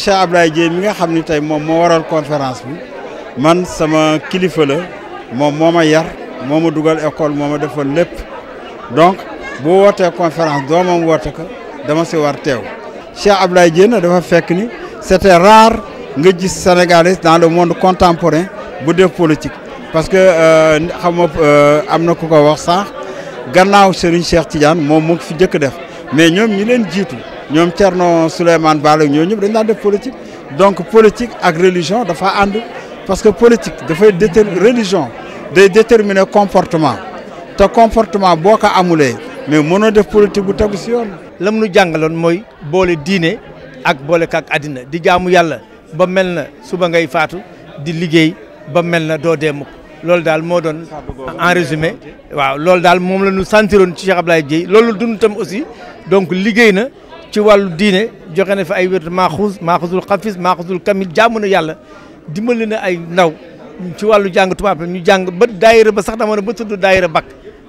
Cheikh Abdoulaye Dièye mi nga xamni tay mom mo waral conférence bi man sama kilifa la moom moo yar moma duggal école moma ma defal lépp donc bo woté conférence doomam woté ko dama ci war teew Cheikh Abdoulaye Dièye na dafa fekk ni c'était rare nga gis sénégalais dans le monde contemporain bu def politique parce que euh, xam nga euh, am na ku ko wax sax gannaaw Serigne Cheikh Tidiane moom moo fi jëk def mais ñom ñi leen jitu ñom Thierno souleyman Baal ñoo ñëpp dañ daan def politique donc politique ak religion dafa and parce que politique fay déterminer religion day déterminer comportement te comportement boka amulé mais mënoo def politique bu tagu si yoon. lam nu jàngaloon mooy boole diine ak boole kaak adina di jaamu yalla ba melna suba ngay faatu di liggéey ba melna do doo dee dal mo daal en résumé waaw loolu dal mom la ñu sentiroon ci Cheikh ablaye Dièye lolou dund tam aussi donc liggéey na. ci wàllu diine joxe na fi ay wérdu maaxuus maaxuusul xafis maaxuusul kamil jaamu na yàlla dimbali na ay ndaw ci wàllu jàng tubaab ñu jàng ba daayira ba sax dama ne ba tudd daayira bak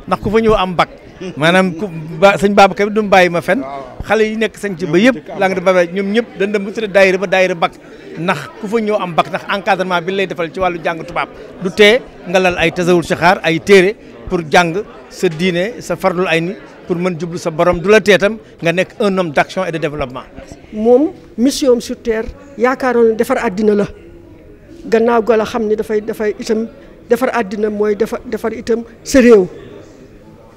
ndax ku fa ñëw am bak maanaam ku ba sëñ Babacar bi du mu bàyyi ma fen xale yi nekk sañ ci ba yëpp laa nga ba ñoom ñëpp dañ dem ba tudd daayira ba daayira bak ndax ku fa ñëw am bak nax encadrement bi lay defal ci wàllu jàng tubaab du tee nga lal ay tasawul saxaar ay téere pour jàng sa diine sa farlul ay ni pour man jublu sa borom du la teetam nga nekk un homme d'action et de développement. moom mission sur terre yaakaaroon defar àddina la gannaaw ga xam ne dafay dafay itam defar àddina mooy defar defar itam sa réew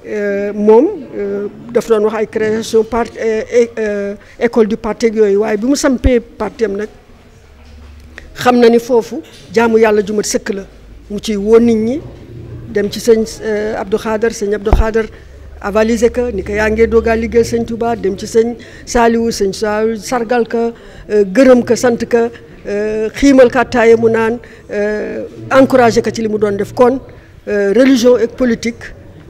euh, moom euh, daf doon wax ay création part euh, école du parti yooyu waaye bi mu sampee parti am nag xam na ni foofu jaamu yàlla ju mat sëkk la mu ci woo nit ñi dem ci sëñ Abdou Khader sëñ Abdou Khader. avaliser que ni ko yaa ngee doogaa liggéey Touba dem ci seigne sargal ka euh, euh, geureum mu euh, religion et politique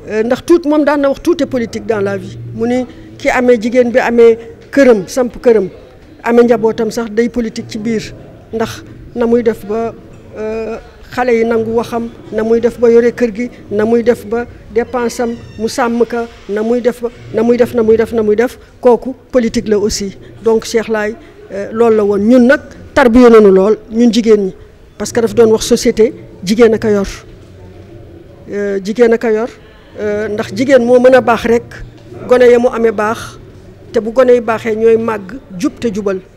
ndax tout monde dans tout est politique dans la vie muni ki amé jigen bi amé keureum samp keureum amé njabotam politique ci na xale yi nangu waxam na muy def ba yore kër gi na muy def ba dépense am mu sàmm ka na muy def ba na muy def na muy def na muy def kooku politique la aussi donc Cheikh Laay euh, loolu la woon ñun nag tarbiya nañu lool ñun jigéen ñi parce que daf doon wax société jigéen a ko yor euh, jigéen a ko yor euh, ndax jigéen moo mën a baax rek gone ya mu amee baax te bu gone yi baaxee ñooy màgg jub te jubal